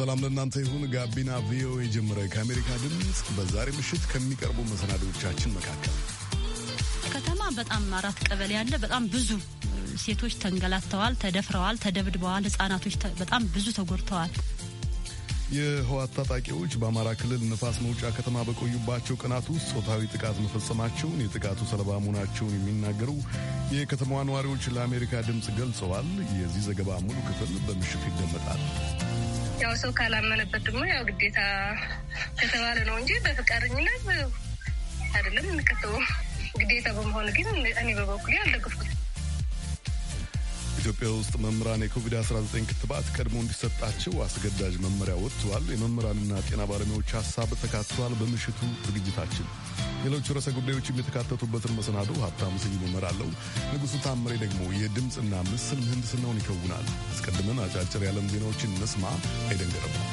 ሰላም ለእናንተ ይሁን። ጋቢና ቪኦኤ ጀመረ። ከአሜሪካ ድምፅ በዛሬ ምሽት ከሚቀርቡ መሰናዶቻችን መካከል ከተማ በጣም አራት ቀበሌ ያለ በጣም ብዙ ሴቶች ተንገላተዋል፣ ተደፍረዋል፣ ተደብድበዋል። ህጻናቶች በጣም ብዙ ተጎድተዋል። የህወሓት ታጣቂዎች በአማራ ክልል ንፋስ መውጫ ከተማ በቆዩባቸው ቀናት ውስጥ ጾታዊ ጥቃት መፈጸማቸውን የጥቃቱ ሰለባ መሆናቸውን የሚናገሩ የከተማዋ ነዋሪዎች ለአሜሪካ ድምፅ ገልጸዋል። የዚህ ዘገባ ሙሉ ክፍል በምሽቱ ይደመጣል። ያው ሰው ካላመነበት ደግሞ ያው ግዴታ ከተባለ ነው እንጂ በፈቃደኝነት አይደለም እንከተው። ግዴታ በመሆን ግን እኔ በበኩሌ አልደግፉት። ኢትዮጵያ ውስጥ መምህራን የኮቪድ-19 ክትባት ቀድሞ እንዲሰጣቸው አስገዳጅ መመሪያ ወጥቷል። የመምህራንና ጤና ባለሙያዎች ሀሳብ ተካትቷል። በምሽቱ ዝግጅታችን ሌሎች ርዕሰ ጉዳዮችም የተካተቱበትን መሰናዶ ሀብታም ስዩም እመራለሁ። ንጉሡ ታምሬ ደግሞ የድምፅና ምስል ምህንድስናውን ይከውናል። አስቀድመን አጫጭር የዓለም ዜናዎችን እንስማ። አይደንገረባል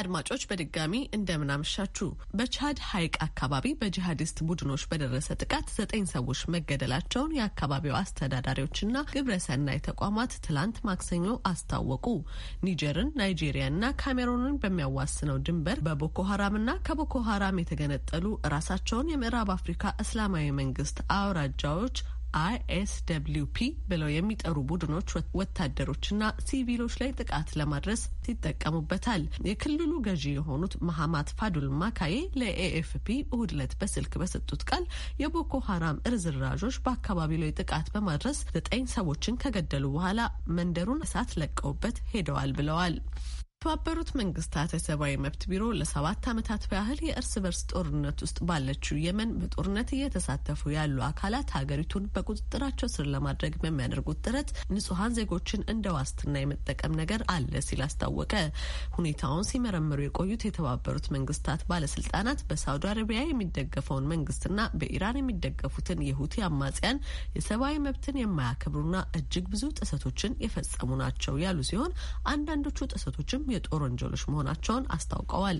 አድማጮች በድጋሚ እንደምናመሻችሁ። በቻድ ሐይቅ አካባቢ በጂሃዲስት ቡድኖች በደረሰ ጥቃት ዘጠኝ ሰዎች መገደላቸውን የአካባቢው አስተዳዳሪዎችና ግብረሰናይ ተቋማት ትላንት ማክሰኞ አስታወቁ። ኒጀርን፣ ናይጄሪያና ካሜሩንን በሚያዋስነው ድንበር በቦኮ ሀራምና ከቦኮ ሀራም የተገነጠሉ ራሳቸውን የምዕራብ አፍሪካ እስላማዊ መንግስት አውራጃዎች አይኤስደብሊውፒ ብለው የሚጠሩ ቡድኖች ወታደሮችና ሲቪሎች ላይ ጥቃት ለማድረስ ይጠቀሙበታል። የክልሉ ገዢ የሆኑት መሀማት ፋዱል ማካዬ ለኤኤፍፒ እሁድ ዕለት በስልክ በሰጡት ቃል የቦኮ ሀራም እርዝራዦች በአካባቢው ላይ ጥቃት በማድረስ ዘጠኝ ሰዎችን ከገደሉ በኋላ መንደሩን እሳት ለቀውበት ሄደዋል ብለዋል። የተባበሩት መንግስታት የሰብአዊ መብት ቢሮ ለሰባት ዓመታት ያህል የእርስ በርስ ጦርነት ውስጥ ባለችው የመን በጦርነት እየተሳተፉ ያሉ አካላት ሀገሪቱን በቁጥጥራቸው ስር ለማድረግ በሚያደርጉት ጥረት ንጹሐን ዜጎችን እንደ ዋስትና የመጠቀም ነገር አለ ሲል አስታወቀ። ሁኔታውን ሲመረምሩ የቆዩት የተባበሩት መንግስታት ባለስልጣናት በሳውዲ አረቢያ የሚደገፈውን መንግስትና በኢራን የሚደገፉትን የሁቲ አማጽያን የሰብአዊ መብትን የማያከብሩና እጅግ ብዙ ጥሰቶችን የፈጸሙ ናቸው ያሉ ሲሆን አንዳንዶቹ ጥሰቶችም የጦር ወንጀሎች መሆናቸውን አስታውቀዋል።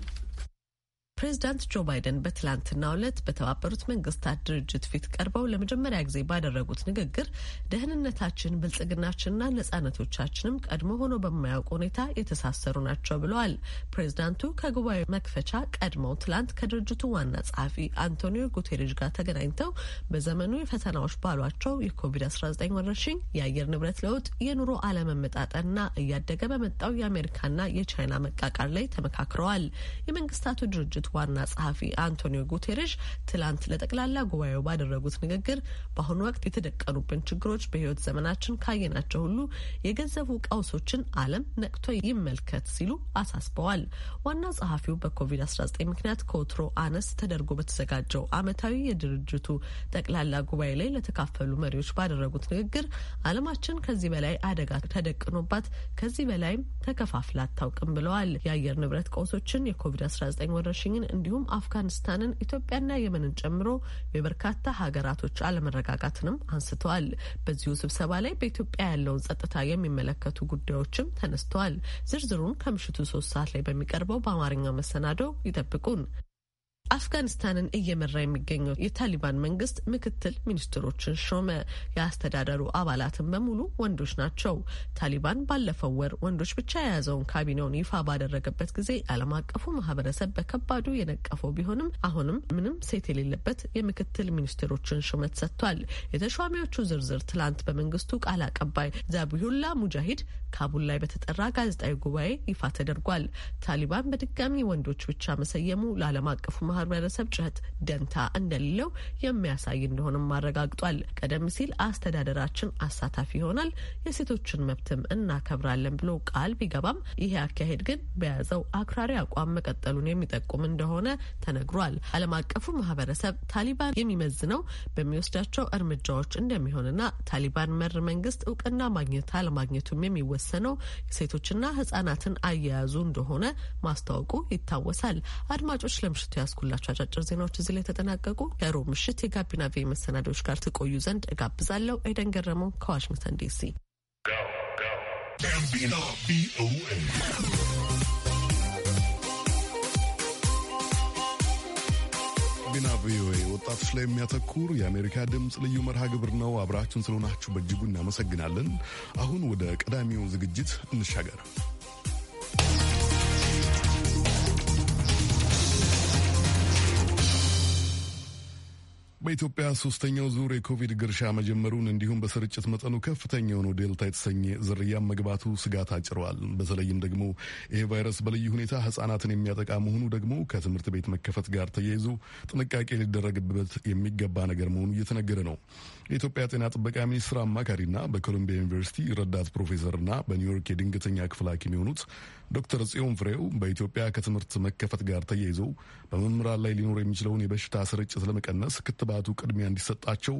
ፕሬዚዳንት ጆ ባይደን በትላንትናው ዕለት በተባበሩት መንግስታት ድርጅት ፊት ቀርበው ለመጀመሪያ ጊዜ ባደረጉት ንግግር ደህንነታችን፣ ብልጽግናችንና ነጻነቶቻችንም ቀድሞ ሆኖ በማያውቅ ሁኔታ የተሳሰሩ ናቸው ብለዋል። ፕሬዚዳንቱ ከጉባኤ መክፈቻ ቀድመው ትላንት ከድርጅቱ ዋና ጸሐፊ አንቶኒዮ ጉቴሬጅ ጋር ተገናኝተው በዘመኑ የፈተናዎች ባሏቸው የኮቪድ-19 ወረርሽኝ፣ የአየር ንብረት ለውጥ፣ የኑሮ አለመመጣጠንና እያደገ በመጣው የአሜሪካና የቻይና መቃቃር ላይ ተመካክረዋል። የመንግስታቱ ድርጅት ዋና ጸሐፊ አንቶኒዮ ጉቴሬሽ ትላንት ለጠቅላላ ጉባኤው ባደረጉት ንግግር በአሁኑ ወቅት የተደቀኑብን ችግሮች በህይወት ዘመናችን ካየናቸው ሁሉ የገዘፉ ቀውሶችን ዓለም ነቅቶ ይመልከት ሲሉ አሳስበዋል። ዋና ጸሐፊው በኮቪድ-19 ምክንያት ከወትሮ አነስ ተደርጎ በተዘጋጀው ዓመታዊ የድርጅቱ ጠቅላላ ጉባኤ ላይ ለተካፈሉ መሪዎች ባደረጉት ንግግር ዓለማችን ከዚህ በላይ አደጋ ተደቅኖባት ከዚህ በላይም ተከፋፍላ አታውቅም ብለዋል። የአየር ንብረት ቀውሶችን፣ የኮቪድ-19 ወረርሽኝን ሱዳንን እንዲሁም አፍጋኒስታንን፣ ኢትዮጵያና የመንን ጨምሮ የበርካታ ሀገራቶች አለመረጋጋትንም አንስተዋል። በዚሁ ስብሰባ ላይ በኢትዮጵያ ያለውን ጸጥታ የሚመለከቱ ጉዳዮችም ተነስተዋል። ዝርዝሩን ከምሽቱ ሶስት ሰዓት ላይ በሚቀርበው በአማርኛው መሰናዶ ይጠብቁን። አፍጋኒስታንን እየመራ የሚገኘው የታሊባን መንግስት ምክትል ሚኒስትሮችን ሾመ። የአስተዳደሩ አባላትን በሙሉ ወንዶች ናቸው። ታሊባን ባለፈው ወር ወንዶች ብቻ የያዘውን ካቢኔውን ይፋ ባደረገበት ጊዜ ዓለም አቀፉ ማህበረሰብ በከባዱ የነቀፈው ቢሆንም አሁንም ምንም ሴት የሌለበት የምክትል ሚኒስትሮችን ሹመት ሰጥቷል። የተሿሚዎቹ ዝርዝር ትላንት በመንግስቱ ቃል አቀባይ ዛቢሁላ ሙጃሂድ ካቡል ላይ በተጠራ ጋዜጣዊ ጉባኤ ይፋ ተደርጓል። ታሊባን በድጋሚ ወንዶች ብቻ መሰየሙ ለዓለም አቀፉ ማህበረሰብ ጩኸት ደንታ እንደሌለው የሚያሳይ እንደሆንም አረጋግጧል። ቀደም ሲል አስተዳደራችን አሳታፊ ይሆናል፣ የሴቶችን መብትም እናከብራለን ብሎ ቃል ቢገባም ይህ አካሄድ ግን በያዘው አክራሪ አቋም መቀጠሉን የሚጠቁም እንደሆነ ተነግሯል። ዓለም አቀፉ ማህበረሰብ ታሊባን የሚመዝነው በሚወስዳቸው እርምጃዎች እንደሚሆንና ታሊባን መር መንግስት እውቅና ማግኘት አለማግኘቱም የሚወሰነው ሴቶችና ህጻናትን አያያዙ እንደሆነ ማስታወቁ ይታወሳል። አድማጮች ለምሽቱ ያስኩላ ያዝንላቸው አጫጭር ዜናዎች እዚህ ላይ ተጠናቀቁ። ከሮብ ምሽት የጋቢና ቬ መሰናዶዎች ጋር ትቆዩ ዘንድ እጋብዛለሁ። ኤደን ገረመው ከዋሽንግተን ዲሲ ቢና ቪኦኤ ወጣቶች ላይ የሚያተኩር የአሜሪካ ድምፅ ልዩ መርሃ ግብር ነው። አብራችን ስለሆናችሁ በእጅጉ እናመሰግናለን። አሁን ወደ ቀዳሚው ዝግጅት እንሻገር። በኢትዮጵያ ሶስተኛው ዙር የኮቪድ ግርሻ መጀመሩን እንዲሁም በስርጭት መጠኑ ከፍተኛ የሆነው ዴልታ የተሰኘ ዝርያም መግባቱ ስጋት አጭረዋል። በተለይም ደግሞ ይህ ቫይረስ በልዩ ሁኔታ ህጻናትን የሚያጠቃ መሆኑ ደግሞ ከትምህርት ቤት መከፈት ጋር ተያይዞ ጥንቃቄ ሊደረግበት የሚገባ ነገር መሆኑ እየተነገረ ነው። የኢትዮጵያ ጤና ጥበቃ ሚኒስትር አማካሪና በኮሎምቢያ ዩኒቨርሲቲ ረዳት ፕሮፌሰርና በኒውዮርክ የድንገተኛ ክፍል ሐኪም የሆኑት ዶክተር ጽዮን ፍሬው በኢትዮጵያ ከትምህርት መከፈት ጋር ተያይዘው በመምህራን ላይ ሊኖር የሚችለውን የበሽታ ስርጭት ለመቀነስ ክትባቱ ቅድሚያ እንዲሰጣቸው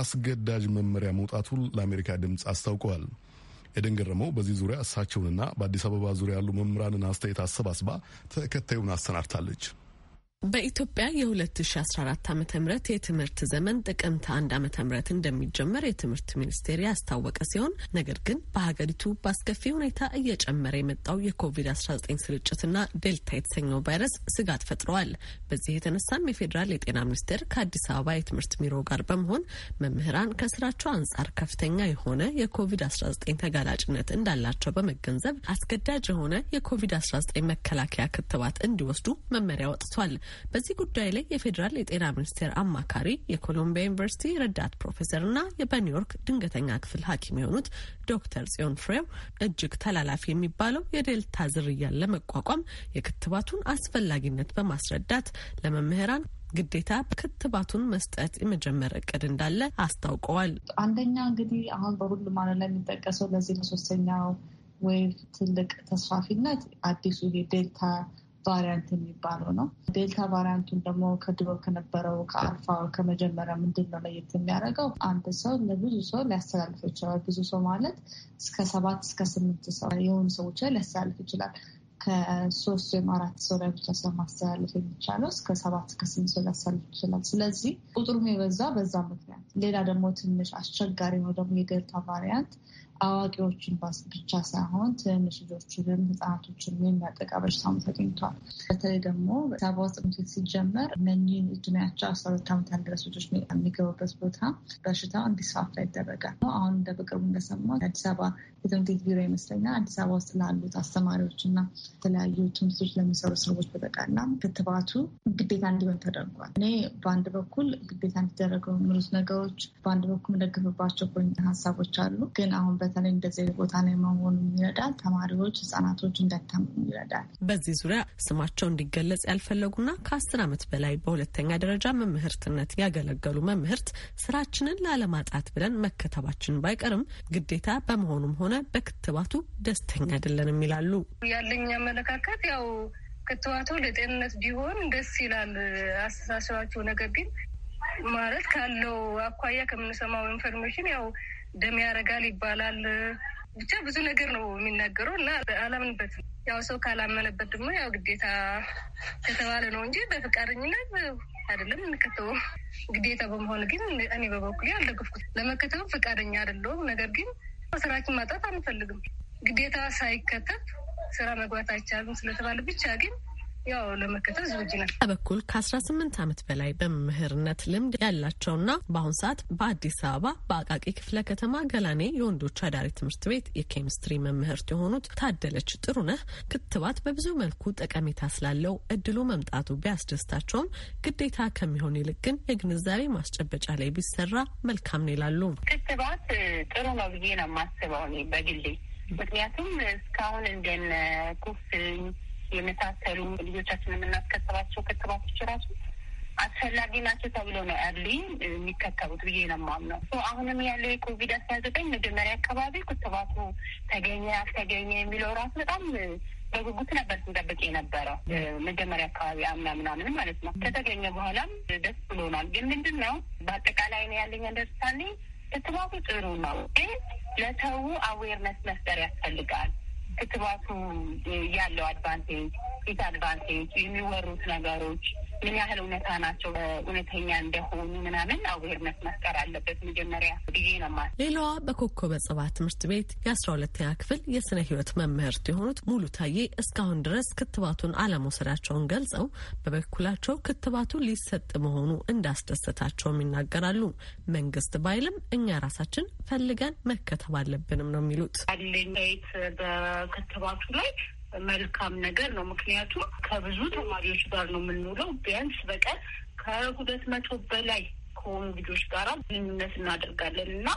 አስገዳጅ መመሪያ መውጣቱን ለአሜሪካ ድምፅ አስታውቀዋል። ኤደን ገረመው በዚህ ዙሪያ እሳቸውንና በአዲስ አበባ ዙሪያ ያሉ መምህራንን አስተያየት አሰባስባ ተከታዩን አሰናድታለች። በኢትዮጵያ የ2014 ዓ ም የትምህርት ዘመን ጥቅምት 1 ዓ ም እንደሚጀመር የትምህርት ሚኒስቴር ያስታወቀ ሲሆን ነገር ግን በሀገሪቱ በአስከፊ ሁኔታ እየጨመረ የመጣው የኮቪድ-19 ስርጭትና ዴልታ የተሰኘው ቫይረስ ስጋት ፈጥረዋል። በዚህ የተነሳም የፌዴራል የጤና ሚኒስቴር ከአዲስ አበባ የትምህርት ቢሮ ጋር በመሆን መምህራን ከስራቸው አንጻር ከፍተኛ የሆነ የኮቪድ-19 ተጋላጭነት እንዳላቸው በመገንዘብ አስገዳጅ የሆነ የኮቪድ-19 መከላከያ ክትባት እንዲወስዱ መመሪያ ወጥቷል። በዚህ ጉዳይ ላይ የፌዴራል የጤና ሚኒስቴር አማካሪ የኮሎምቢያ ዩኒቨርሲቲ ረዳት ፕሮፌሰር እና በኒውዮርክ ድንገተኛ ክፍል ሐኪም የሆኑት ዶክተር ጽዮን ፍሬው እጅግ ተላላፊ የሚባለው የዴልታ ዝርያን ለመቋቋም የክትባቱን አስፈላጊነት በማስረዳት ለመምህራን ግዴታ ክትባቱን መስጠት የመጀመር እቅድ እንዳለ አስታውቀዋል። አንደኛ እንግዲህ አሁን በሁሉም ዓለም ላይ የሚጠቀሰው ለዚህ ለሶስተኛው ዌቭ ትልቅ ተስፋፊነት አዲሱ ዴልታ ቫሪያንት የሚባለው ነው። ዴልታ ቫሪያንቱን ደግሞ ከድሮ ከነበረው ከአልፋ ከመጀመሪያ ምንድን ነው ለየት የሚያደርገው? አንድ ሰው ለብዙ ሰው ሊያስተላልፍ ይችላል። ብዙ ሰው ማለት እስከ ሰባት እስከ ስምንት ሰው የሆኑ ሰዎች ላይ ሊያስተላልፍ ይችላል። ከሶስት ወይም አራት ሰው ላይ ብቻ ሰው ማስተላለፍ የሚቻለው እስከ ሰባት እስከ ስምንት ሰው ሊያስተላልፍ ይችላል። ስለዚህ ቁጥሩም የበዛ በዛ ምክንያት። ሌላ ደግሞ ትንሽ አስቸጋሪ ነው ደግሞ የዴልታ ቫሪያንት አዋቂዎችን ብቻ ሳይሆን ትንሽ ልጆችንም ህጻናቶችንም የሚያጠቃ በሽታም ተገኝቷል። በተለይ ደግሞ ሰባ ውስጥ ሲጀመር እነኚህን እድሜያቸው አስራ ሁለት ዓመት ያልደረሱ ልጆች የሚገቡበት ቦታ በሽታው እንዲስፋፋ ይደረጋል። አሁን እንደ በቅርቡ እንደሰማሁ አዲስ አበባ የትምህርት ቤት ቢሮ ይመስለኛል አዲስ አበባ ውስጥ ላሉት አስተማሪዎች እና የተለያዩ ትምህርቶች ለሚሰሩ ሰዎች በጠቃላ ክትባቱ ግዴታ እንዲሆን ተደርጓል። እኔ በአንድ በኩል ግዴታ እንዲደረገው የሚሉት ነገሮች በአንድ በኩል የምደግፍባቸው ፖይንት ሀሳቦች አሉ ግን አሁን በተለይ እንደዚህ ቦታ ላይ መሆኑ ይረዳል። ተማሪዎች፣ ህጻናቶች እንዳይታመሙ ይረዳል። በዚህ ዙሪያ ስማቸው እንዲገለጽ ያልፈለጉና ከአስር ዓመት በላይ በሁለተኛ ደረጃ መምህርትነት ያገለገሉ መምህርት ስራችንን ላለማጣት ብለን መከተባችን ባይቀርም ግዴታ በመሆኑም ሆነ በክትባቱ ደስተኛ አይደለንም ይላሉ። ያለኝ አመለካከት ያው ክትባቱ ለጤንነት ቢሆን ደስ ይላል አስተሳሰባቸው ነገር ግን ማለት ካለው አኳያ ከምንሰማው ኢንፎርሜሽን ያው ደም ያረጋል ይባላል። ብቻ ብዙ ነገር ነው የሚናገረው እና አላምንበትም። ያው ሰው ካላመነበት ደግሞ ያው ግዴታ ከተባለ ነው እንጂ በፈቃደኝነት አይደለም እንከተበው። ግዴታ በመሆን ግን እኔ በበኩሌ አልደገፍኩት። ለመከተብ ፈቃደኛ አይደለሁም። ነገር ግን ስራችን ማጣት አንፈልግም። ግዴታ ሳይከተብ ስራ መግባት አይቻልም ስለተባለ ብቻ ግን ያው ለመከተል በኩል ከ18 ዓመት በላይ በመምህርነት ልምድ ያላቸውና በአሁን ሰዓት በአዲስ አበባ በአቃቂ ክፍለ ከተማ ገላኔ የወንዶች አዳሪ ትምህርት ቤት የኬሚስትሪ መምህርት የሆኑት ታደለች ጥሩነህ ክትባት በብዙ መልኩ ጠቀሜታ ስላለው እድሉ መምጣቱ ቢያስደስታቸውም ግዴታ ከሚሆን ይልቅ ግን የግንዛቤ ማስጨበጫ ላይ ቢሰራ መልካም ነው ይላሉ። ክትባት ጥሩ ነው ብዬ ነው የማስበው በግሌ ምክንያቱም እስካሁን እንደነ ኩፍኝ የመሳሰሉ ልጆቻችን የምናስከተባቸው ክትባቶች ራሱ አስፈላጊ ናቸው ተብሎ ነው ያሉ የሚከተቡት ብዬ ነው የማምነው። አሁንም ያለው የኮቪድ አስራ ዘጠኝ መጀመሪያ አካባቢ ክትባቱ ተገኘ አልተገኘ የሚለው ራሱ በጣም በጉጉት ነበር ስንጠብቅ የነበረው መጀመሪያ አካባቢ አምና ምናምን ማለት ነው። ከተገኘ በኋላም ደስ ብሎናል። ግን ምንድን ነው በአጠቃላይ ነው ያለኝ አንደርስታንዲንግ ክትባቱ ጥሩ ነው፣ ግን ለሰው አዌርነስ መፍጠር ያስፈልጋል። ክትባቱ ያለው አድቫንቴጅ አድቫንቴጅ የሚወሩት ነገሮች ምን ያህል እውነታ ናቸው፣ እውነተኛ እንደሆኑ ምናምን አዌርነት መፍጠር አለበት መጀመሪያ ጊዜ ነው ማለት። ሌላዋ በኮከበ ጽባ ትምህርት ቤት የአስራ ሁለተኛ ክፍል የስነ ህይወት መምህርት የሆኑት ሙሉ ታዬ እስካሁን ድረስ ክትባቱን አለመውሰዳቸውን ገልጸው በበኩላቸው ክትባቱ ሊሰጥ መሆኑ እንዳስደሰታቸውም ይናገራሉ። መንግስት ባይልም እኛ ራሳችን ፈልገን መከተብ አለብንም ነው የሚሉት አለኝ በክትባቱ ላይ መልካም ነገር ነው። ምክንያቱም ከብዙ ተማሪዎች ጋር ነው የምንውለው። ቢያንስ በቀን ከሁለት መቶ በላይ ከሆኑ ልጆች ጋር ግንኙነት እናደርጋለን እና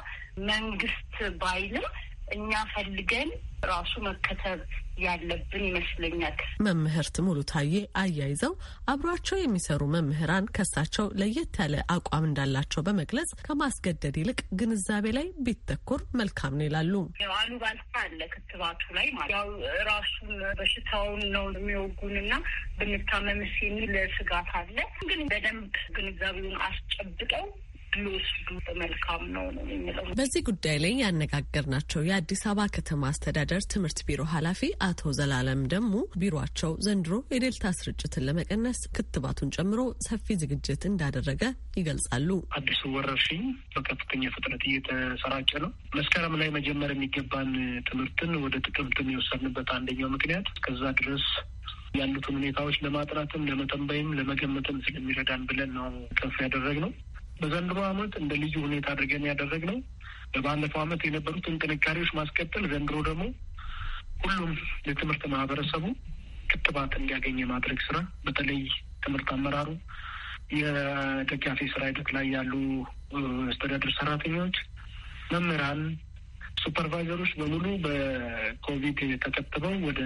መንግስት ባይልም እኛ ፈልገን ራሱ መከተብ ያለብን ይመስለኛል። መምህርት ሙሉ ታዬ አያይዘው አብሯቸው የሚሰሩ መምህራን ከሳቸው ለየት ያለ አቋም እንዳላቸው በመግለጽ ከማስገደድ ይልቅ ግንዛቤ ላይ ቢተኮር መልካም ነው ይላሉ። አሉባልታ አለ ክትባቱ ላይ ማለት ያው ራሱን በሽታውን ነው የሚወጉንና ብንታመምስ የሚል ስጋት አለ። ግን በደንብ ግንዛቤውን አስጨብጠው ቢወስዱ መልካም ነው ነው የሚለው። በዚህ ጉዳይ ላይ ያነጋገር ናቸው የአዲስ አበባ ከተማ አስተዳደር ትምህርት ቢሮ ኃላፊ አቶ ዘላለም ደግሞ ቢሮቸው ዘንድሮ የዴልታ ስርጭትን ለመቀነስ ክትባቱን ጨምሮ ሰፊ ዝግጅት እንዳደረገ ይገልጻሉ። አዲሱ ወረርሽኝ በከፍተኛ ፍጥነት እየተሰራጨ ነው። መስከረም ላይ መጀመር የሚገባን ትምህርትን ወደ ጥቅምት የሚወሰድንበት አንደኛው ምክንያት እስከዛ ድረስ ያሉትን ሁኔታዎች ለማጥራትም ለመተንበይም ለመገመትም ስለሚረዳን ብለን ነው ከፍ ያደረግነው። በዘንድሮ ዓመት እንደ ልዩ ሁኔታ አድርገን ያደረግነው በባለፈው ዓመት የነበሩትን ጥንካሬዎች ማስቀጠል፣ ዘንድሮ ደግሞ ሁሉም የትምህርት ማህበረሰቡ ክትባት እንዲያገኝ የማድረግ ስራ በተለይ ትምህርት አመራሩ፣ የደጋፊ ስራ ሂደት ላይ ያሉ አስተዳደር ሰራተኞች፣ መምህራን፣ ሱፐርቫይዘሮች በሙሉ በኮቪድ ተከትበው ወደ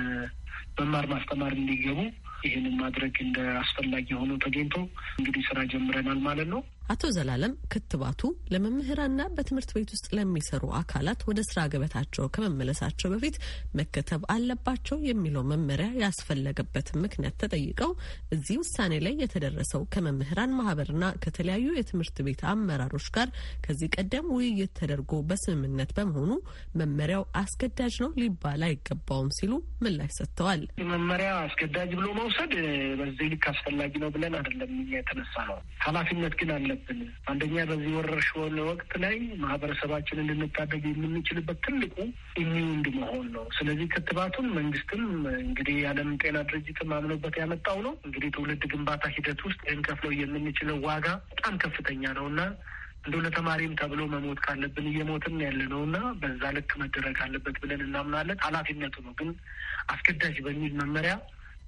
መማር ማስተማር እንዲገቡ ይህንን ማድረግ እንደ አስፈላጊ ሆኖ ተገኝቶ እንግዲህ ስራ ጀምረናል ማለት ነው። አቶ ዘላለም ክትባቱ ለመምህራንና በትምህርት ቤት ውስጥ ለሚሰሩ አካላት ወደ ስራ ገበታቸው ከመመለሳቸው በፊት መከተብ አለባቸው የሚለው መመሪያ ያስፈለገበት ምክንያት ተጠይቀው እዚህ ውሳኔ ላይ የተደረሰው ከመምህራን ማህበርና ከተለያዩ የትምህርት ቤት አመራሮች ጋር ከዚህ ቀደም ውይይት ተደርጎ በስምምነት በመሆኑ መመሪያው አስገዳጅ ነው ሊባል አይገባውም ሲሉ ምላሽ ሰጥተዋል። መመሪያ አስገዳጅ ብሎ መውሰድ በዚህ ልክ አስፈላጊ ነው ብለን አይደለም የተነሳ ነው። ኃላፊነት ግን አለ አለብን። አንደኛ በዚህ ወረርሽኝ ወቅት ላይ ማህበረሰባችን እንድንታደግ የምንችልበት ትልቁ ኢሚውንድ መሆን ነው። ስለዚህ ክትባቱን መንግስትም እንግዲህ የዓለም ጤና ድርጅትም አምኖበት ያመጣው ነው። እንግዲህ ትውልድ ግንባታ ሂደት ውስጥ ከፍለው የምንችለው ዋጋ በጣም ከፍተኛ ነው እና እንደው ለተማሪም ተብሎ መሞት ካለብን እየሞትን ያለ ነው እና በዛ ልክ መደረግ አለበት ብለን እናምናለን። ኃላፊነቱ ነው ግን አስገዳጅ በሚል መመሪያ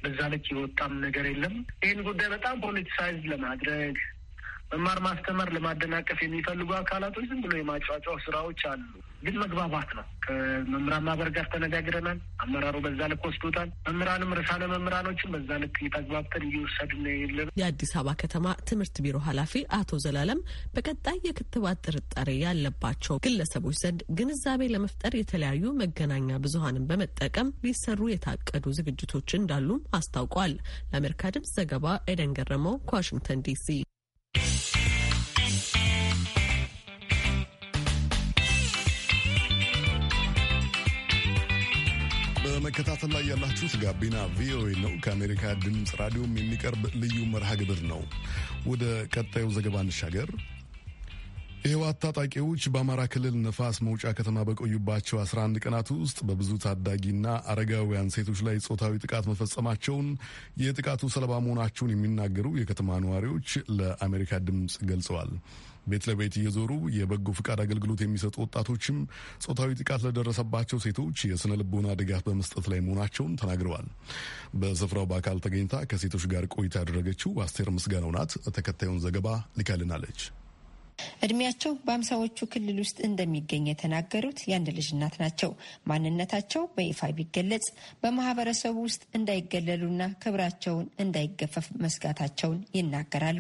በዛ ልክ የወጣም ነገር የለም። ይህን ጉዳይ በጣም ፖለቲሳይዝ ለማድረግ መማር ማስተማር ለማደናቀፍ የሚፈልጉ አካላቶች ዝም ብሎ የማጫጫው ስራዎች አሉ። ግን መግባባት ነው። ከመምህራን ማህበር ጋር ተነጋግረናል። አመራሩ በዛ ልክ ወስዶታል። መምህራንም ርሳነ መምህራኖችን በዛ ልክ የተግባብተን እየወሰድን የለም። የአዲስ አበባ ከተማ ትምህርት ቢሮ ኃላፊ አቶ ዘላለም በቀጣይ የክትባት ጥርጣሬ ያለባቸው ግለሰቦች ዘንድ ግንዛቤ ለመፍጠር የተለያዩ መገናኛ ብዙሀንን በመጠቀም ሊሰሩ የታቀዱ ዝግጅቶች እንዳሉም አስታውቋል። ለአሜሪካ ድምጽ ዘገባ ኤደን ገረመው ከዋሽንግተን ዲሲ በመከታተል ላይ ያላችሁት ጋቢና ቪኦኤ ነው። ከአሜሪካ ድምፅ ራዲዮም የሚቀርብ ልዩ መርሃ ግብር ነው። ወደ ቀጣዩ ዘገባ እንሻገር። የህወሓት ታጣቂዎች በአማራ ክልል ነፋስ መውጫ ከተማ በቆዩባቸው 11 ቀናት ውስጥ በብዙ ታዳጊና አረጋውያን ሴቶች ላይ ጾታዊ ጥቃት መፈጸማቸውን የጥቃቱ ሰለባ መሆናቸውን የሚናገሩ የከተማ ነዋሪዎች ለአሜሪካ ድምፅ ገልጸዋል። ቤት ለቤት እየዞሩ የበጎ ፍቃድ አገልግሎት የሚሰጡ ወጣቶችም ጾታዊ ጥቃት ለደረሰባቸው ሴቶች የስነ ልቦና ድጋፍ በመስጠት ላይ መሆናቸውን ተናግረዋል። በስፍራው በአካል ተገኝታ ከሴቶች ጋር ቆይታ ያደረገችው አስቴር ምስጋናው ናት። ተከታዩን ዘገባ ልካልናለች። እድሜያቸው በአምሳዎቹ ክልል ውስጥ እንደሚገኝ የተናገሩት የአንድ ልጅ እናት ናቸው። ማንነታቸው በይፋ ቢገለጽ በማህበረሰቡ ውስጥ እንዳይገለሉና ክብራቸውን እንዳይገፈፍ መስጋታቸውን ይናገራሉ።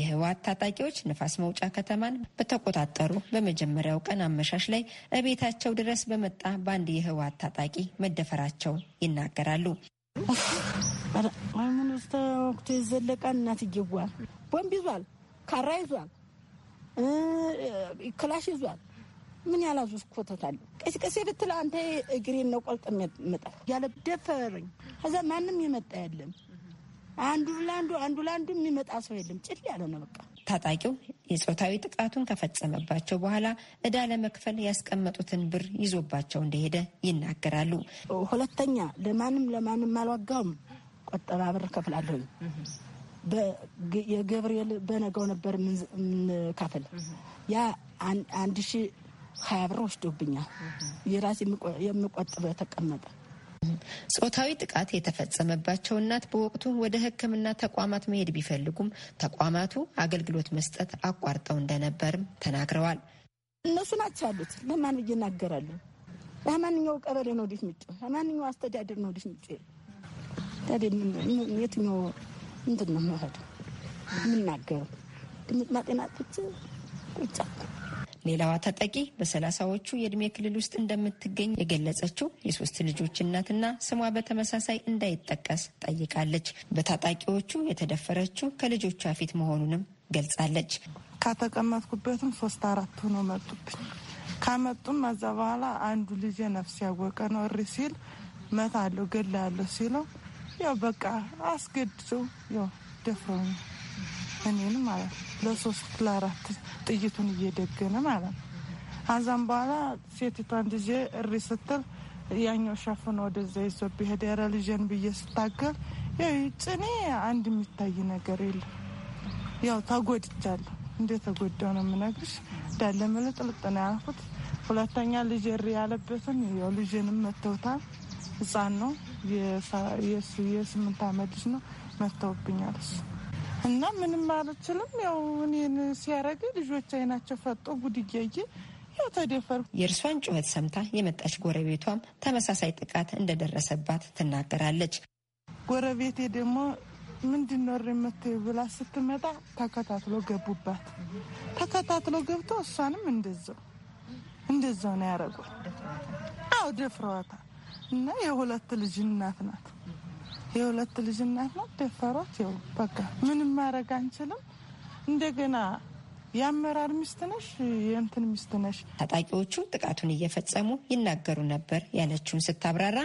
የህወሓት ታጣቂዎች ንፋስ መውጫ ከተማን በተቆጣጠሩ በመጀመሪያው ቀን አመሻሽ ላይ እቤታቸው ድረስ በመጣ በአንድ የህወሓት ታጣቂ መደፈራቸውን ይናገራሉ። ሃይማኖት የዘለቀ እናትየዋ ቦምብ ይዟል፣ ካራ ይዟል ክላሽ ይዟል። ምን ያላዙስ ኮተታል ቀስቀሴ ብትል አንተ እግሬን ነው ቆልጥ መጣል ያለ ደፈረኝ። ከዛ ማንም የመጣ የለም። አንዱ ለአንዱ አንዱ ለአንዱ የሚመጣ ሰው የለም። ጭል ያለ ነው በቃ። ታጣቂው የጾታዊ ጥቃቱን ከፈጸመባቸው በኋላ እዳ ለመክፈል ያስቀመጡትን ብር ይዞባቸው እንደሄደ ይናገራሉ። ሁለተኛ ለማንም ለማንም አልዋጋውም። ቆጠባ ብር ከፍላለሁ የገብርኤል በነገው ነበር የምንካፈል። ያ አንድ ሺ ሀያ ብር ወስዶብኛል። የራሴ የምቆጥበ ተቀመጠ። ጾታዊ ጥቃት የተፈጸመባቸው እናት በወቅቱ ወደ ሕክምና ተቋማት መሄድ ቢፈልጉም ተቋማቱ አገልግሎት መስጠት አቋርጠው እንደነበርም ተናግረዋል። እነሱ ናቸው ያሉት። ለማን ብዬ ይናገራሉ? ለማንኛው ቀበሌ ነው ዲት ምጭ ለማንኛው አስተዳደር ነው ዲት ምጭ የትኛው ምንድን ነው የምወደው የምናገረው ድምጥ ማጤና ቁጭ ቁጫ ሌላዋ ታጣቂ በሰላሳዎቹ የእድሜ ክልል ውስጥ እንደምትገኝ የገለጸችው የሶስት ልጆች እናትና ስሟ በተመሳሳይ እንዳይጠቀስ ጠይቃለች። በታጣቂዎቹ የተደፈረችው ከልጆቿ ፊት መሆኑንም ገልጻለች። ከተቀመጥኩበትም ሶስት አራት ሆኖ መጡብኝ። ከመጡም ከዛ በኋላ አንዱ ልጄ ነፍስ ያወቀ ነው እሪ ሲል መታ አለው ገላ ያለው ሲለው ያው በቃ አስገድዶ ያው ደፍረው እኔን ማለት ለሶስት ለአራት ጥይቱን እየደገነ ማለት ነው። አዛም በኋላ ሴቲቷን ልጄ እሪ ስትል ያኛው ሸፍኖ ወደዛ ይዞ ቢሄድ ኧረ ልጄን ብዬ ስታገል ጭኔ አንድ የሚታይ ነገር የለም። ያው ተጎድቻለሁ። እንደ ተጎዳው ነው የምነግርሽ። እንዳለ ምልጥልጥ ነው ያልኩት። ሁለተኛ ልጄ እሪ ያለበትን ያው ልጄንም መተውታል። ህፃን ነው የስምንት ዓመት ልጅ ነው። መጥተውብኛል እሱ እና ምንም አልችልም። ያው እኔን ሲያረግ ልጆች አይናቸው ፈጦ ጉድ እያየ ያው ተደፈር። የእርሷን ጩኸት ሰምታ የመጣች ጎረቤቷም ተመሳሳይ ጥቃት እንደደረሰባት ትናገራለች። ጎረቤቴ ደግሞ ምንድነር የምትይው ብላ ስትመጣ ተከታትሎ ገቡባት። ተከታትሎ ገብቶ እሷንም እንደዛው እንደዛው ነው ያደረጉ። አዎ ደፍረዋታል። እና የሁለት ልጅ እናት ናት። የሁለት ልጅ እናት ናት። ደፈሯት። ይኸው በቃ ምንም ማድረግ አንችልም። እንደገና የአመራር ሚስት ነሽ፣ የእንትን ሚስት ነሽ። ታጣቂዎቹ ጥቃቱን እየፈጸሙ ይናገሩ ነበር ያለችውን ስታብራራ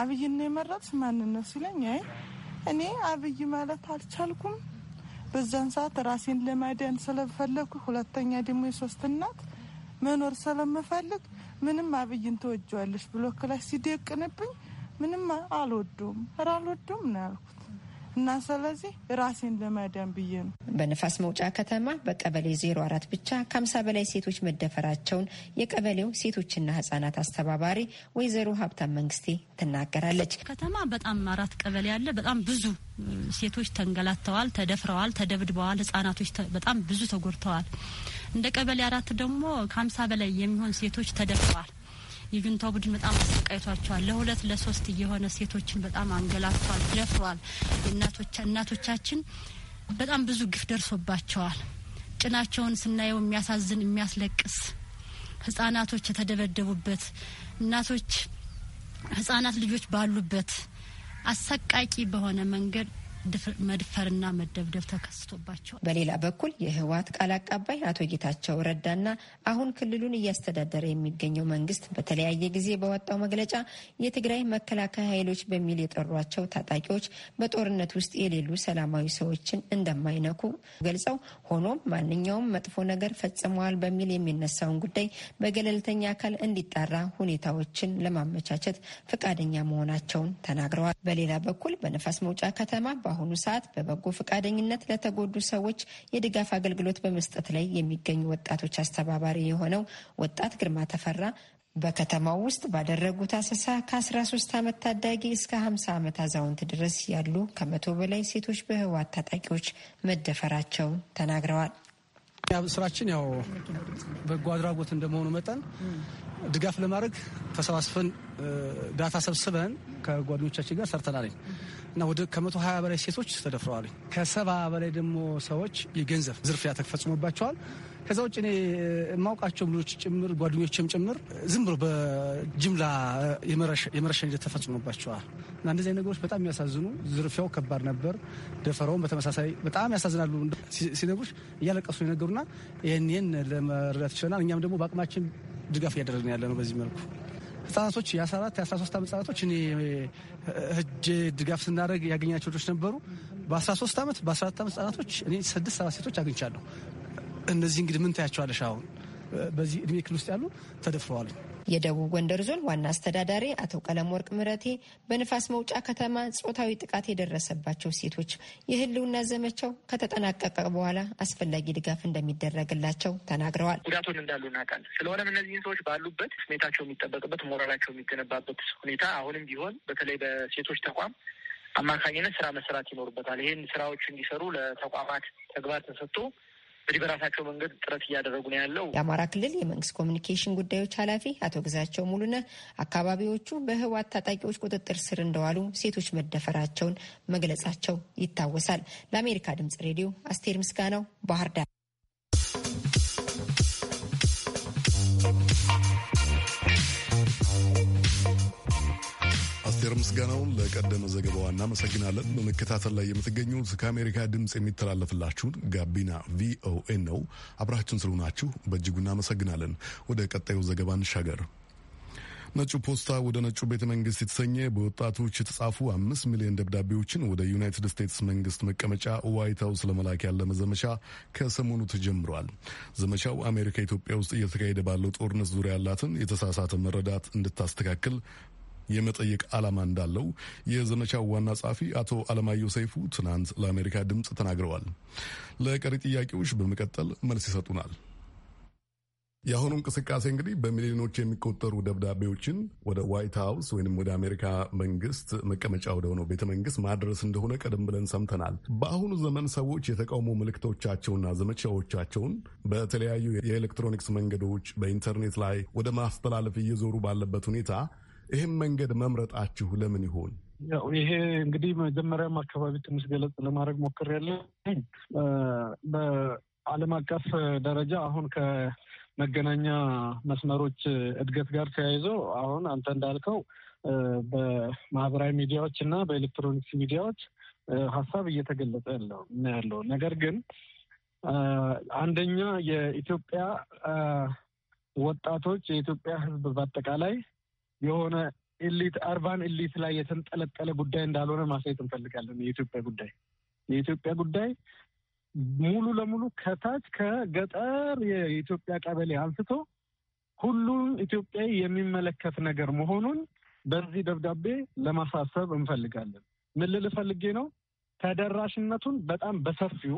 አብይና የመረጥሽ ማንነት ሲለኝ አይ እኔ አብይ ማለት አልቻልኩም። በዛን ሰዓት ራሴን ለማዳን ስለፈለግኩ፣ ሁለተኛ ደግሞ የሶስት እናት መኖር ስለምፈልግ ምንም አብይን ተወጀዋለች ብሎ ክላስ ሲደቅንብኝ ምንም አልወዱም ራ አልወደውም ነው ያልኩት። እና ስለዚህ ራሴን ለመዳን ብዬ ነው። በንፋስ መውጫ ከተማ በቀበሌ 04 ብቻ ከ50 በላይ ሴቶች መደፈራቸውን የቀበሌው ሴቶችና ህጻናት አስተባባሪ ወይዘሮ ሀብታም መንግስቴ ትናገራለች። ከተማ በጣም አራት ቀበሌ ያለ በጣም ብዙ ሴቶች ተንገላተዋል፣ ተደፍረዋል፣ ተደብድበዋል። ህጻናቶች በጣም ብዙ ተጎድተዋል። እንደ ቀበሌ አራት ደግሞ ከ50 በላይ የሚሆን ሴቶች ተደፍረዋል። የጁንታው ቡድን በጣም አሰቃይቷቸዋል። ለሁለት ለሶስት እየሆነ ሴቶችን በጣም አንገላቷል፣ ደፍሯል። እናቶቻችን በጣም ብዙ ግፍ ደርሶባቸዋል። ጭናቸውን ስናየው የሚያሳዝን የሚያስለቅስ ህጻናቶች የተደበደቡበት እናቶች ህጻናት ልጆች ባሉበት አሰቃቂ በሆነ መንገድ መድፈርና መደብደብ ተከስቶባቸው። በሌላ በኩል የህወሓት ቃል አቀባይ አቶ ጌታቸው ረዳና አሁን ክልሉን እያስተዳደረ የሚገኘው መንግስት በተለያየ ጊዜ በወጣው መግለጫ የትግራይ መከላከያ ኃይሎች በሚል የጠሯቸው ታጣቂዎች በጦርነት ውስጥ የሌሉ ሰላማዊ ሰዎችን እንደማይነኩ ገልጸው ሆኖም ማንኛውም መጥፎ ነገር ፈጽመዋል በሚል የሚነሳውን ጉዳይ በገለልተኛ አካል እንዲጣራ ሁኔታዎችን ለማመቻቸት ፈቃደኛ መሆናቸውን ተናግረዋል። በሌላ በኩል በነፋስ መውጫ ከተማ በአሁኑ ሰዓት በበጎ ፈቃደኝነት ለተጎዱ ሰዎች የድጋፍ አገልግሎት በመስጠት ላይ የሚገኙ ወጣቶች አስተባባሪ የሆነው ወጣት ግርማ ተፈራ በከተማው ውስጥ ባደረጉት አሰሳ ከ13 ዓመት ታዳጊ እስከ 50 ዓመት አዛውንት ድረስ ያሉ ከመቶ በላይ ሴቶች በህወሓት ታጣቂዎች መደፈራቸውን ተናግረዋል። ስራችን ያው በጎ አድራጎት እንደመሆኑ መጠን ድጋፍ ለማድረግ ተሰባስበን ዳታ ሰብስበን ከጓደኞቻችን ጋር ሰርተናል እና ወደ ከመቶ ሀያ በላይ ሴቶች ተደፍረዋል። ከሰባ በላይ ደግሞ ሰዎች የገንዘብ ዝርፊያ ተፈጽሞባቸዋል። ከዛ ውጭ እኔ የማውቃቸው ልጆች ጭምር ጓደኞችም ጭምር ዝም ብሎ በጅምላ የመረሸን ሂደት ተፈጽሞባቸዋል እና እንደዚህ አይነት ነገሮች በጣም የሚያሳዝኑ፣ ዝርፊያው ከባድ ነበር፣ ደፈራውን በተመሳሳይ በጣም ያሳዝናሉ። ሲነግሩሽ እያለቀሱ የነገሩና ይህንን ለመረዳት ችለናል። እኛም ደግሞ በአቅማችን ድጋፍ እያደረግን ያለ ነው። በዚህ መልኩ ህጻናቶች የ14 የ13 ዓመት ህጻናቶች እኔ ህጄ ድጋፍ ስናደርግ ያገኛቸው ልጆች ነበሩ። በ13 ዓመት በ14 ዓመት ህጻናቶች እኔ ስድስት ሰባት ሴቶች አግኝቻለሁ። እነዚህ እንግዲህ ምን ታያቸዋለሽ? አሁን በዚህ እድሜ ክልል ውስጥ ያሉ ተደፍረዋል። የደቡብ ጎንደር ዞን ዋና አስተዳዳሪ አቶ ቀለም ወርቅ ምረቴ በንፋስ መውጫ ከተማ ጾታዊ ጥቃት የደረሰባቸው ሴቶች የህልውና ዘመቻው ከተጠናቀቀ በኋላ አስፈላጊ ድጋፍ እንደሚደረግላቸው ተናግረዋል። ጉዳቱን እንዳሉ እናውቃለን። ስለሆነም እነዚህን ሰዎች ባሉበት ስሜታቸው የሚጠበቅበት ሞራላቸው የሚገነባበት ሁኔታ አሁንም ቢሆን በተለይ በሴቶች ተቋም አማካኝነት ስራ መስራት ይኖርበታል። ይህን ስራዎች እንዲሰሩ ለተቋማት ተግባር ተሰጥቶ እንግዲህ በራሳቸው መንገድ ጥረት እያደረጉ ነው ያለው። የአማራ ክልል የመንግስት ኮሚኒኬሽን ጉዳዮች ኃላፊ አቶ ግዛቸው ሙሉነ አካባቢዎቹ በህወሓት ታጣቂዎች ቁጥጥር ስር እንደዋሉ ሴቶች መደፈራቸውን መግለጻቸው ይታወሳል። ለአሜሪካ ድምጽ ሬዲዮ አስቴር ምስጋናው ባህር ዳር ምስጋናውን ለቀደመ ዘገባዋ እናመሰግናለን። በመከታተል ላይ የምትገኙት ከአሜሪካ ድምፅ የሚተላለፍላችሁን ጋቢና ቪኦኤ ነው። አብራችን ስለሆናችሁ በእጅጉ እናመሰግናለን። ወደ ቀጣዩ ዘገባ እንሻገር። ነጩ ፖስታ ወደ ነጩ ቤተ መንግስት የተሰኘ በወጣቶች የተጻፉ አምስት ሚሊዮን ደብዳቤዎችን ወደ ዩናይትድ ስቴትስ መንግስት መቀመጫ ዋይት ሀውስ ለመላክ ያለመ ዘመቻ ከሰሞኑ ተጀምሯል። ዘመቻው አሜሪካ ኢትዮጵያ ውስጥ እየተካሄደ ባለው ጦርነት ዙሪያ ያላትን የተሳሳተ መረዳት እንድታስተካክል የመጠየቅ ዓላማ እንዳለው የዘመቻው ዋና ጸሐፊ አቶ አለማየሁ ሰይፉ ትናንት ለአሜሪካ ድምፅ ተናግረዋል። ለቀሪ ጥያቄዎች በመቀጠል መልስ ይሰጡናል። የአሁኑ እንቅስቃሴ እንግዲህ በሚሊዮኖች የሚቆጠሩ ደብዳቤዎችን ወደ ዋይት ሀውስ ወይም ወደ አሜሪካ መንግስት መቀመጫ ወደ ሆነው ቤተ መንግስት ማድረስ እንደሆነ ቀደም ብለን ሰምተናል። በአሁኑ ዘመን ሰዎች የተቃውሞ ምልክቶቻቸውና ዘመቻዎቻቸውን በተለያዩ የኤሌክትሮኒክስ መንገዶች በኢንተርኔት ላይ ወደ ማስተላለፍ እየዞሩ ባለበት ሁኔታ ይህም መንገድ መምረጣችሁ ለምን ይሆን? ያው ይሄ እንግዲህ መጀመሪያም አካባቢ ትንሽ ገለጽ ለማድረግ ሞክሬያለሁ። በዓለም አቀፍ ደረጃ አሁን ከመገናኛ መስመሮች እድገት ጋር ተያይዞ አሁን አንተ እንዳልከው በማህበራዊ ሚዲያዎች እና በኤሌክትሮኒክስ ሚዲያዎች ሀሳብ እየተገለጸ ያለው ያለው ነገር ግን አንደኛ የኢትዮጵያ ወጣቶች የኢትዮጵያ ሕዝብ በአጠቃላይ የሆነ ኢሊት አርባን ኢሊት ላይ የተንጠለጠለ ጉዳይ እንዳልሆነ ማሳየት እንፈልጋለን። የኢትዮጵያ ጉዳይ የኢትዮጵያ ጉዳይ ሙሉ ለሙሉ ከታች ከገጠር የኢትዮጵያ ቀበሌ አንስቶ ሁሉም ኢትዮጵያዊ የሚመለከት ነገር መሆኑን በዚህ ደብዳቤ ለማሳሰብ እንፈልጋለን። ምን ልል ፈልጌ ነው? ተደራሽነቱን በጣም በሰፊው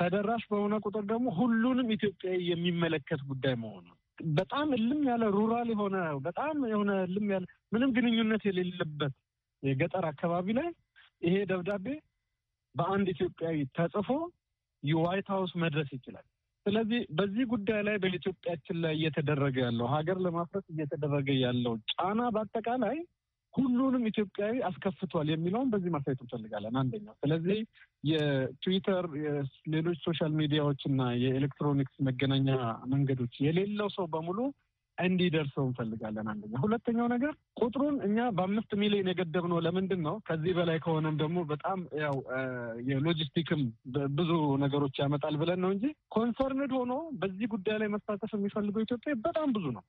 ተደራሽ በሆነ ቁጥር ደግሞ ሁሉንም ኢትዮጵያዊ የሚመለከት ጉዳይ መሆኑን በጣም እልም ያለ ሩራል የሆነ በጣም የሆነ እልም ያለ ምንም ግንኙነት የሌለበት የገጠር አካባቢ ላይ ይሄ ደብዳቤ በአንድ ኢትዮጵያዊ ተጽፎ የዋይት ሀውስ መድረስ ይችላል። ስለዚህ በዚህ ጉዳይ ላይ በኢትዮጵያችን ላይ እየተደረገ ያለው ሀገር ለማፍረስ እየተደረገ ያለው ጫና በአጠቃላይ ሁሉንም ኢትዮጵያዊ አስከፍቷል የሚለውን በዚህ ማሳየት እንፈልጋለን። አንደኛው ስለዚህ የትዊተር ሌሎች ሶሻል ሚዲያዎች እና የኤሌክትሮኒክስ መገናኛ መንገዶች የሌለው ሰው በሙሉ እንዲደርሰው እንፈልጋለን። አንደኛ ሁለተኛው ነገር ቁጥሩን እኛ በአምስት ሚሊዮን የገደብነው ለምንድን ነው? ከዚህ በላይ ከሆነም ደግሞ በጣም ያው የሎጂስቲክም ብዙ ነገሮች ያመጣል ብለን ነው እንጂ ኮንሰርንድ ሆኖ በዚህ ጉዳይ ላይ መሳተፍ የሚፈልገው ኢትዮጵያ በጣም ብዙ ነው።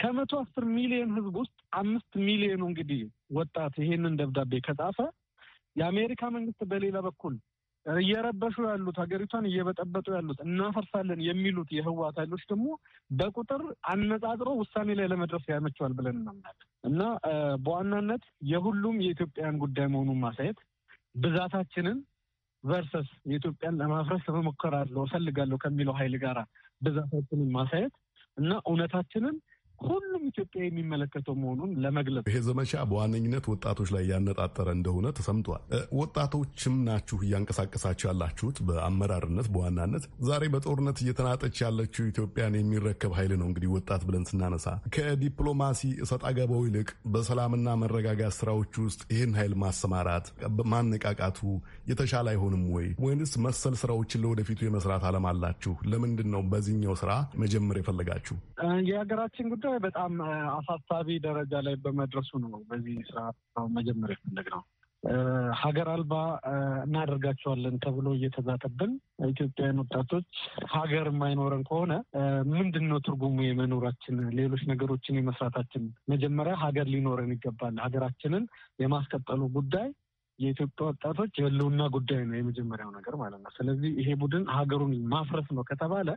ከመቶ አስር ሚሊዮን ህዝብ ውስጥ አምስት ሚሊዮኑ እንግዲህ ወጣት ይሄንን ደብዳቤ ከጻፈ የአሜሪካ መንግስት በሌላ በኩል እየረበሹ ያሉት ሀገሪቷን እየበጠበጡ ያሉት እናፈርሳለን የሚሉት የህወሓት ኃይሎች ደግሞ በቁጥር አነጻጽሮ ውሳኔ ላይ ለመድረስ ያመቸዋል ብለን እናምናለን እና በዋናነት የሁሉም የኢትዮጵያውያን ጉዳይ መሆኑን ማሳየት ብዛታችንን ቨርሰስ የኢትዮጵያን ለማፍረስ እሞክራለሁ እፈልጋለሁ ከሚለው ኃይል ጋር ብዛታችንን ማሳየት እና እውነታችንን ሁሉም ኢትዮጵያ የሚመለከተው መሆኑን ለመግለጽ ይሄ ዘመቻ በዋነኝነት ወጣቶች ላይ ያነጣጠረ እንደሆነ ተሰምቷል። ወጣቶችም ናችሁ እያንቀሳቀሳችሁ ያላችሁት በአመራርነት በዋናነት ዛሬ በጦርነት እየተናጠች ያለችው ኢትዮጵያን የሚረከብ ኃይል ነው። እንግዲህ ወጣት ብለን ስናነሳ ከዲፕሎማሲ እሰጥ አገባው ይልቅ በሰላምና መረጋጋት ስራዎች ውስጥ ይህን ኃይል ማሰማራት ማነቃቃቱ የተሻለ አይሆንም ወይ? ወይንስ መሰል ስራዎችን ለወደፊቱ የመስራት አለም አላችሁ? ለምንድን ነው በዚህኛው ስራ መጀመር የፈለጋችሁ? የሀገራችን ጉዳይ ጉዳይ በጣም አሳሳቢ ደረጃ ላይ በመድረሱ ነው በዚህ ስርዓት መጀመር ነው። ሀገር አልባ እናደርጋቸዋለን ተብሎ እየተዛተብን ኢትዮጵያውያን ወጣቶች ሀገር የማይኖረን ከሆነ ምንድን ነው ትርጉሙ የመኖራችን? ሌሎች ነገሮችን የመስራታችን? መጀመሪያ ሀገር ሊኖረን ይገባል። ሀገራችንን የማስቀጠሉ ጉዳይ የኢትዮጵያ ወጣቶች የህልውና ጉዳይ ነው የመጀመሪያው ነገር ማለት ነው። ስለዚህ ይሄ ቡድን ሀገሩን ማፍረስ ነው ከተባለ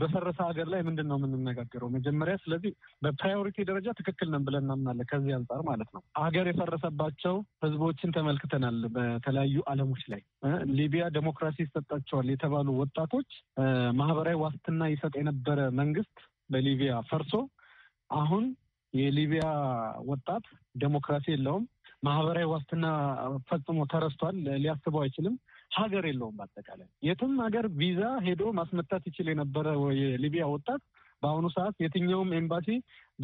በፈረሰ ሀገር ላይ ምንድን ነው የምንነጋገረው? መጀመሪያ ስለዚህ በፕራዮሪቲ ደረጃ ትክክል ነን ብለን እናምናለን። ከዚህ አንጻር ማለት ነው ሀገር የፈረሰባቸው ህዝቦችን ተመልክተናል። በተለያዩ አለሞች ላይ ሊቢያ ዴሞክራሲ ይሰጣቸዋል የተባሉ ወጣቶች ማህበራዊ ዋስትና ይሰጥ የነበረ መንግስት በሊቢያ ፈርሶ አሁን የሊቢያ ወጣት ዴሞክራሲ የለውም፣ ማህበራዊ ዋስትና ፈጽሞ ተረስቷል፣ ሊያስበው አይችልም። ሀገር የለውም። በአጠቃላይ የትም ሀገር ቪዛ ሄዶ ማስመታት ይችል የነበረ የሊቢያ ወጣት በአሁኑ ሰዓት የትኛውም ኤምባሲ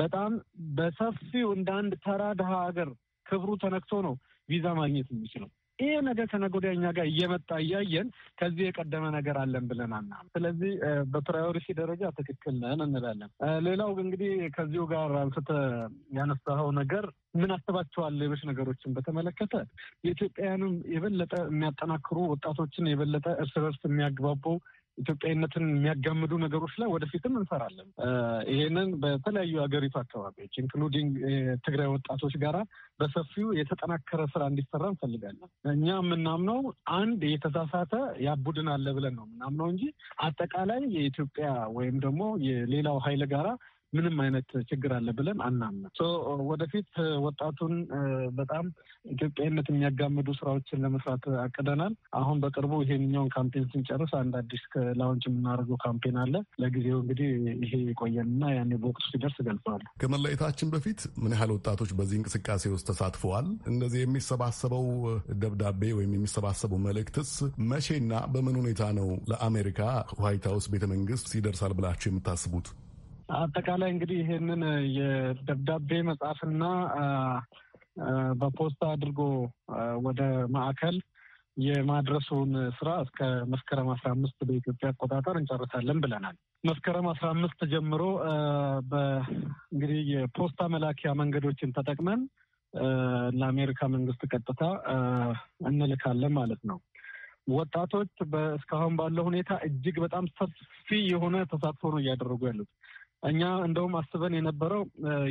በጣም በሰፊው እንደ አንድ ተራ ድሀ ሀገር ክብሩ ተነክቶ ነው ቪዛ ማግኘት የሚችለው። ይህ ነገር ከነገ ወዲያ እኛ ጋር እየመጣ እያየን ከዚህ የቀደመ ነገር አለን ብለን አና ስለዚህ በፕራዮሪቲ ደረጃ ትክክል ነን እንላለን። ሌላው እንግዲህ ከዚሁ ጋር አንስተ ያነሳኸው ነገር ምን አስባቸዋል ሌሎች ነገሮችን በተመለከተ የኢትዮጵያውያንም የበለጠ የሚያጠናክሩ ወጣቶችን የበለጠ እርስ በርስ የሚያግባቡ ኢትዮጵያዊነትን የሚያጋምዱ ነገሮች ላይ ወደፊትም እንሰራለን። ይህንን በተለያዩ ሀገሪቱ አካባቢዎች ኢንክሉዲንግ ትግራይ ወጣቶች ጋራ በሰፊው የተጠናከረ ስራ እንዲሰራ እንፈልጋለን። እኛ የምናምነው አንድ የተሳሳተ ያቡድን አለ ብለን ነው የምናምነው እንጂ አጠቃላይ የኢትዮጵያ ወይም ደግሞ የሌላው ሀይል ጋራ ምንም አይነት ችግር አለ ብለን አናምነ ወደፊት ወጣቱን በጣም ኢትዮጵያዊነት የሚያጋምዱ ስራዎችን ለመስራት አቅደናል። አሁን በቅርቡ ይሄኛውን ካምፔን ስንጨርስ አንድ አዲስ ላውንች የምናደርገው ካምፔን አለ። ለጊዜው እንግዲህ ይሄ ይቆየንና ያኔ በወቅቱ ሲደርስ እገልጸዋለሁ። ከመለየታችን በፊት ምን ያህል ወጣቶች በዚህ እንቅስቃሴ ውስጥ ተሳትፈዋል? እንደዚህ የሚሰባሰበው ደብዳቤ ወይም የሚሰባሰበው መልእክትስ መቼና በምን ሁኔታ ነው ለአሜሪካ ዋይት ሀውስ ቤተ መንግስት ይደርሳል ብላችሁ የምታስቡት? አጠቃላይ እንግዲህ ይህንን የደብዳቤ መጽሐፍና በፖስታ አድርጎ ወደ ማዕከል የማድረሱን ስራ እስከ መስከረም አስራ አምስት በኢትዮጵያ አቆጣጠር እንጨርሳለን ብለናል። መስከረም አስራ አምስት ጀምሮ እንግዲህ የፖስታ መላኪያ መንገዶችን ተጠቅመን ለአሜሪካ መንግስት ቀጥታ እንልካለን ማለት ነው። ወጣቶች እስካሁን ባለው ሁኔታ እጅግ በጣም ሰፊ የሆነ ተሳትፎ ነው እያደረጉ ያሉት። እኛ እንደውም አስበን የነበረው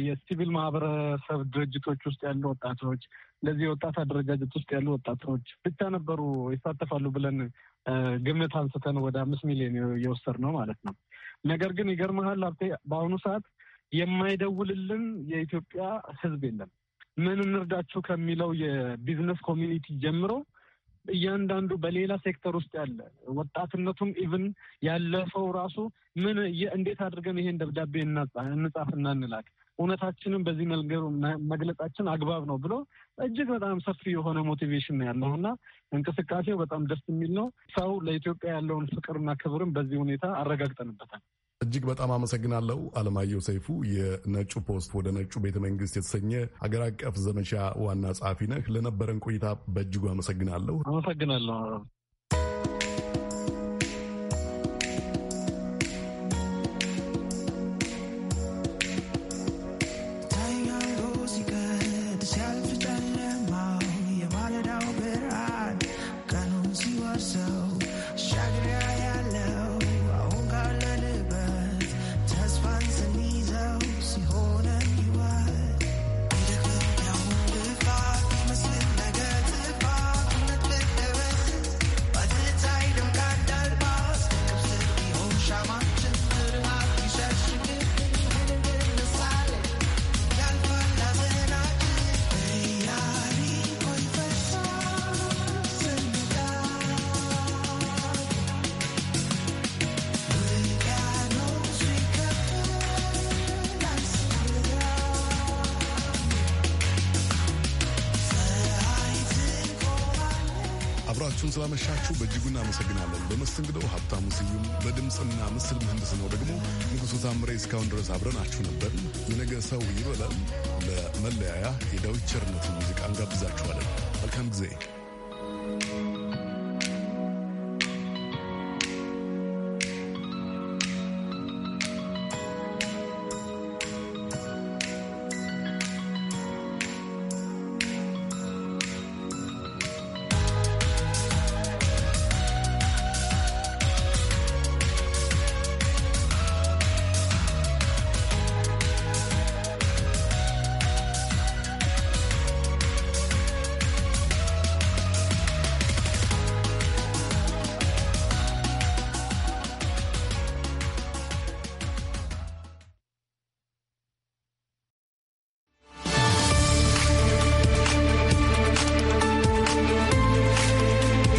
የሲቪል ማህበረሰብ ድርጅቶች ውስጥ ያሉ ወጣቶች እንደዚህ የወጣት አደረጃጀት ውስጥ ያሉ ወጣቶች ብቻ ነበሩ ይሳተፋሉ ብለን ግምት አንስተን ወደ አምስት ሚሊዮን የወሰድነው ማለት ነው። ነገር ግን ይገርመሃል ሀብቴ፣ በአሁኑ ሰዓት የማይደውልልን የኢትዮጵያ ሕዝብ የለም። ምን እንርዳችሁ ከሚለው የቢዝነስ ኮሚኒቲ ጀምሮ እያንዳንዱ በሌላ ሴክተር ውስጥ ያለ ወጣትነቱም ኢቭን ያለፈው ራሱ ምን እንዴት አድርገን ይሄን ደብዳቤ እንጻፍና እንላክ እውነታችንን በዚህ መልገሩ መግለጻችን አግባብ ነው ብሎ እጅግ በጣም ሰፊ የሆነ ሞቲቬሽን ነው ያለው እና እንቅስቃሴው በጣም ደስ የሚል ነው። ሰው ለኢትዮጵያ ያለውን ፍቅርና ክብርም በዚህ ሁኔታ አረጋግጠንበታል። እጅግ በጣም አመሰግናለሁ አለማየሁ ሰይፉ። የነጩ ፖስት ወደ ነጩ ቤተ መንግስት የተሰኘ ሀገር አቀፍ ዘመቻ ዋና ጸሐፊ ነህ። ለነበረን ቆይታ በእጅጉ አመሰግናለሁ። አመሰግናለሁ። እናመሰግናለን። በመስተንግዶው ሀብታሙ ስዩም፣ በድምፅና ምስል ምህንድስ ነው ደግሞ ንጉሱ ታምሬ። እስካሁን ድረስ አብረናችሁ ነበር። የነገ ሰው ይበላል። ለመለያያ የዳዊት ቸርነት ሙዚቃ እንጋብዛችኋለን። መልካም ጊዜ።